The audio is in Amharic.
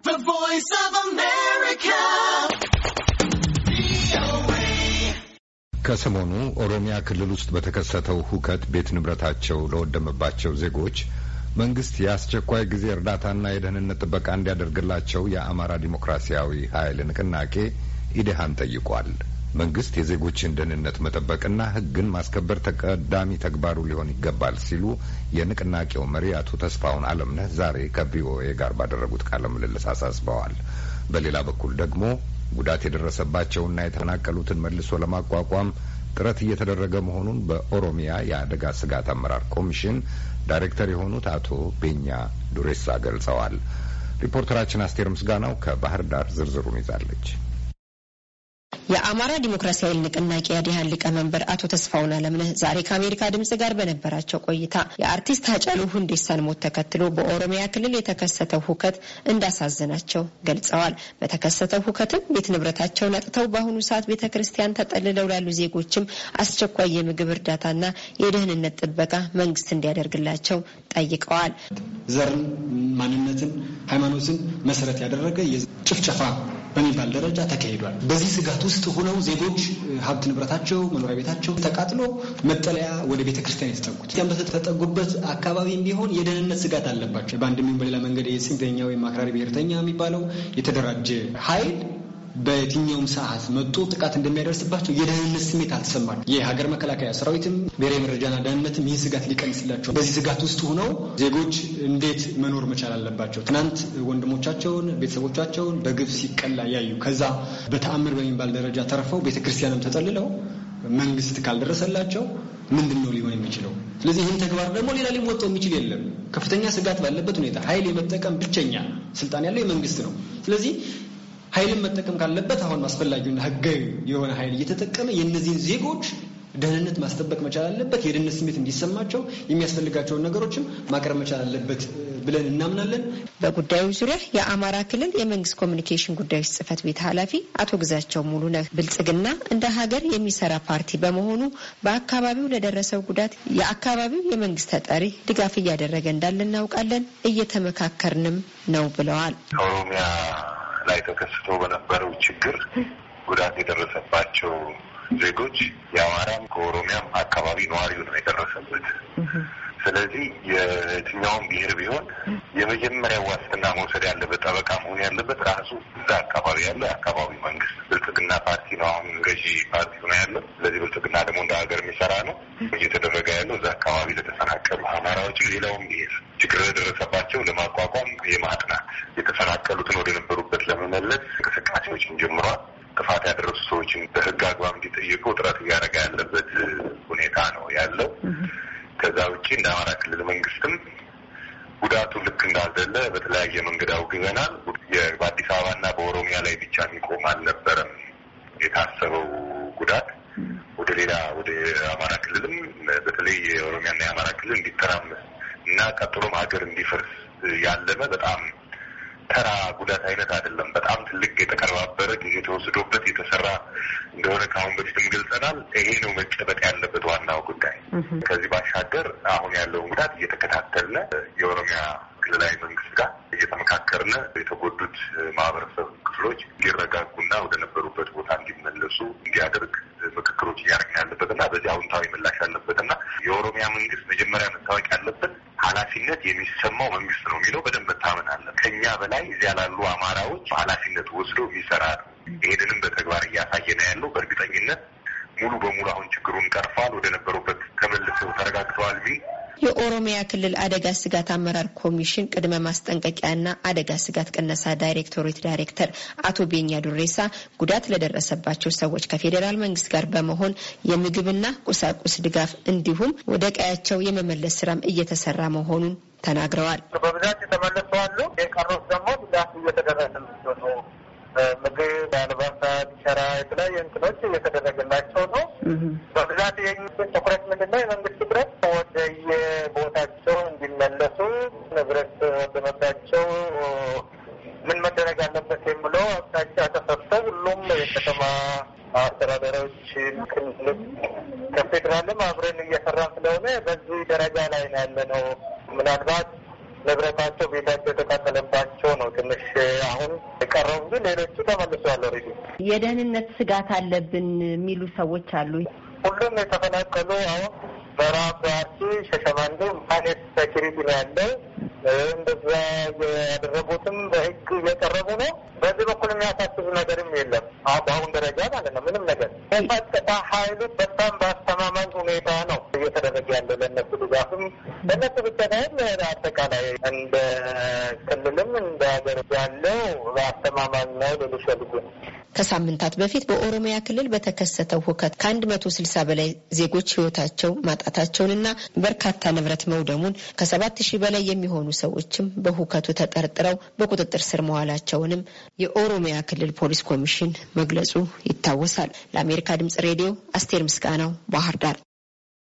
The Voice of America. ከሰሞኑ ኦሮሚያ ክልል ውስጥ በተከሰተው ሁከት ቤት ንብረታቸው ለወደመባቸው ዜጎች መንግስት የአስቸኳይ ጊዜ እርዳታና የደህንነት ጥበቃ እንዲያደርግላቸው የአማራ ዲሞክራሲያዊ ኃይል ንቅናቄ ኢዴሃን ጠይቋል። መንግስት የዜጎችን ደህንነት መጠበቅና ህግን ማስከበር ተቀዳሚ ተግባሩ ሊሆን ይገባል ሲሉ የንቅናቄው መሪ አቶ ተስፋውን አለምነህ ዛሬ ከቪኦኤ ጋር ባደረጉት ቃለ ምልልስ አሳስበዋል። በሌላ በኩል ደግሞ ጉዳት የደረሰባቸውና የተፈናቀሉትን መልሶ ለማቋቋም ጥረት እየተደረገ መሆኑን በኦሮሚያ የአደጋ ስጋት አመራር ኮሚሽን ዳይሬክተር የሆኑት አቶ ቤኛ ዱሬሳ ገልጸዋል። ሪፖርተራችን አስቴር ምስጋናው ከባህር ዳር ዝርዝሩን ይዛለች። የአማራ ዲሞክራሲያዊ ንቅናቄ ያዲህን ሊቀመንበር አቶ ተስፋውን አለምነህ ዛሬ ከአሜሪካ ድምጽ ጋር በነበራቸው ቆይታ የአርቲስት ሃጫሉ ሁንዴሳን ሞት ተከትሎ በኦሮሚያ ክልል የተከሰተው ሁከት እንዳሳዘናቸው ገልጸዋል። በተከሰተው ሁከትም ቤት ንብረታቸውን አጥተው በአሁኑ ሰዓት ቤተ ክርስቲያን ተጠልለው ላሉ ዜጎችም አስቸኳይ የምግብ እርዳታና የደህንነት ጥበቃ መንግስት እንዲያደርግላቸው ጠይቀዋል። ዘርን፣ ማንነትን፣ ሃይማኖትን መሰረት ያደረገ ጭፍጨፋ በሚባል ደረጃ ተካሂዷል። በዚህ ስጋት ውስጥ ሆነው ዜጎች ሀብት ንብረታቸው፣ መኖሪያ ቤታቸው ተቃጥሎ መጠለያ ወደ ቤተ ክርስቲያን የተጠጉት ያም በተጠጉበት አካባቢም ቢሆን የደህንነት ስጋት አለባቸው። በአንድ በሌላ መንገድ የጽንፈኛ ወይም አክራሪ ብሔርተኛ የሚባለው የተደራጀ ኃይል በየትኛውም ሰዓት መጥቶ ጥቃት እንደሚያደርስባቸው የደህንነት ስሜት አልተሰማል። የሀገር መከላከያ ሰራዊትም ብሔራዊ መረጃና ደህንነትም ይህ ስጋት ሊቀንስላቸው በዚህ ስጋት ውስጥ ሆነው ዜጎች እንዴት መኖር መቻል አለባቸው? ትናንት ወንድሞቻቸውን ቤተሰቦቻቸውን በግብ ሲቀላ ያዩ ከዛ በተአምር በሚባል ደረጃ ተርፈው ቤተክርስቲያንም ተጠልለው መንግስት ካልደረሰላቸው ምንድን ነው ሊሆን የሚችለው? ስለዚህ ይህን ተግባር ደግሞ ሌላ ሊወጣው የሚችል የለም። ከፍተኛ ስጋት ባለበት ሁኔታ ኃይል የመጠቀም ብቸኛ ስልጣን ያለው የመንግስት ነው። ስለዚህ ኃይልን መጠቀም ካለበት አሁን አስፈላጊውን ህጋዊ የሆነ ኃይል እየተጠቀመ የእነዚህን ዜጎች ደህንነት ማስጠበቅ መቻል አለበት። የደህንነት ስሜት እንዲሰማቸው የሚያስፈልጋቸውን ነገሮችም ማቅረብ መቻል አለበት ብለን እናምናለን። በጉዳዩ ዙሪያ የአማራ ክልል የመንግስት ኮሚኒኬሽን ጉዳዮች ጽህፈት ቤት ኃላፊ አቶ ግዛቸው ሙሉነህ ብልጽግና እንደ ሀገር የሚሰራ ፓርቲ በመሆኑ በአካባቢው ለደረሰው ጉዳት የአካባቢው የመንግስት ተጠሪ ድጋፍ እያደረገ እንዳለ እናውቃለን፣ እየተመካከርንም ነው ብለዋል። ኦሮሚያ ላይ ተከስቶ በነበረው ችግር ጉዳት የደረሰባቸው ዜጎች የአማራም ከኦሮሚያም አካባቢ ነዋሪው ነው የደረሰበት። ስለዚህ የትኛውም ብሔር ቢሆን የመጀመሪያ ዋስትና መውሰድ ያለበት ጠበቃ መሆን ያለበት ራሱ እዛ አካባቢ ያለ የአካባቢ መንግስት ብልጽግና ፓርቲ ነው። አሁን ገዢ ፓርቲ ነው ያለው። ስለዚህ ብልጽግና ደግሞ እንደ ሀገር የሚሰራ ነው እየተደረገ ያለው እዛ አካባቢ ለተፈናቀሉ አማራዎች፣ ሌላውም ብሔር ችግር ለደረሰባቸው ለማቋቋም የማጥናት የተፈናቀሉትን ወደ ነበሩበት ለመመለስ እንቅስቃሴዎችን ጀምሯል። ጥፋት ያደረሱ ሰዎችን በህግ አግባብ እንዲጠየቁ ጥረት እያደረገ ያለበት ሁኔታ ነው ያለው። ከዛ ውጭ እንደ አማራ ክልል መንግስትም ጉዳቱ ልክ እንዳልደለ በተለያየ መንገድ አውግዘናል። በአዲስ አበባና በኦሮሚያ ላይ ብቻ የሚቆም አልነበረም። የታሰበው ጉዳት ወደ ሌላ ወደ አማራ ክልልም በተለይ የኦሮሚያና የአማራ ክልል እንዲተራመስ እና ቀጥሎም ሀገር እንዲፈርስ ያለመ በጣም ተራ ጉዳት አይነት አይደለም። በጣም ትልቅ የተቀነባበረ ጊዜ ተወስዶበት የተሰራ እንደሆነ ከአሁን በፊትም ገልጸናል። ይሄ ነው መጨበጥ ያለበት ዋናው ጉዳይ። ከዚህ ባሻገር አሁን ያለውን ጉዳት እየተከታተልን የኦሮሚያ ክልላዊ መንግስት ጋር እየተመካከርን የተጎዱት ማህበረሰብ ክፍሎች እንዲረጋጉና ወደ ነበሩበት ቦታ እንዲመለሱ እንዲያደርግ ምክክሮች እያደረግን ያለበትና በዚህ አዎንታዊ ምላሽ ያለበትና የኦሮሚያ መንግስት መጀመሪያ መታወቅ ያለበት ኃላፊነት የሚሰማው መንግስት ነው የሚለው በደንብ መታመን አለ። ከኛ በላይ እዚያ ላሉ አማራዎች ኃላፊነት ወስዶ የሚሰራ ነው። ይህንንም በተግባር እያሳየ ነው ያለው። በእርግጠኝነት ሙሉ በሙሉ አሁን ችግሩን ቀርፏል፣ ወደ ነበሩበት ተመልሰው ተረጋግተዋል ቢል የኦሮሚያ ክልል አደጋ ስጋት አመራር ኮሚሽን ቅድመ ማስጠንቀቂያና አደጋ ስጋት ቅነሳ ዳይሬክቶሬት ዳይሬክተር አቶ ቤኛ ዱሬሳ ጉዳት ለደረሰባቸው ሰዎች ከፌዴራል መንግስት ጋር በመሆን የምግብና ቁሳቁስ ድጋፍ እንዲሁም ወደ ቀያቸው የመመለስ ስራም እየተሰራ መሆኑን ተናግረዋል። በብዛት የተመለሱ አሉ። የቀሩት ደግሞ ጉዳት እየተደረሰ ምግብ፣ አልባሳት፣ ሸራ፣ የተለያዩ እንትኖች እየተደረገላቸው ነው። በብዛት ትኩረት ምንድነው በመሰብሰብ ሁሉም የከተማ አስተዳደሮችን ክልል ከፌዴራልም አብረን እየሰራን ስለሆነ በዚህ ደረጃ ላይ ነው ያለ ነው። ምናልባት ንብረታቸው ቤታቸው የተቃጠለባቸው ነው ትንሽ አሁን የቀረው እንጂ ሌሎቹ ተመልሰዋል። ኦልሬዲ የደህንነት ስጋት አለብን የሚሉ ሰዎች አሉ። ሁሉም የተፈናቀሉ አሁን በራብ በአርሲ ሸሸባንዴ ማኔት ሴኪሪቲ ነው ያለው እንደዛ ያደረ የጸጥታ ኃይሉ በጣም በአስተማማኝ ሁኔታ ነው እየተደረገ ያለው ለእነሱ ድጋፍ ብቻ ሳይሆን አጠቃላይ እንደ ክልልም እንደ ሀገር ያለው ነው ልልሽ ከሳምንታት በፊት በኦሮሚያ ክልል በተከሰተው ሁከት ከአንድ መቶ ስልሳ በላይ ዜጎች ህይወታቸው ማጣታቸውንና በርካታ ንብረት መውደሙን ከሰባት ሺህ በላይ የሚሆኑ ሰዎችም በሁከቱ ተጠርጥረው በቁጥጥር ስር መዋላቸውንም የኦሮሚያ ክልል ፖሊስ ኮሚሽን መግለጹ ይታወሳል። ለአሜሪካ ድምጽ ሬዲዮ አስቴር ምስጋናው ባህር ዳር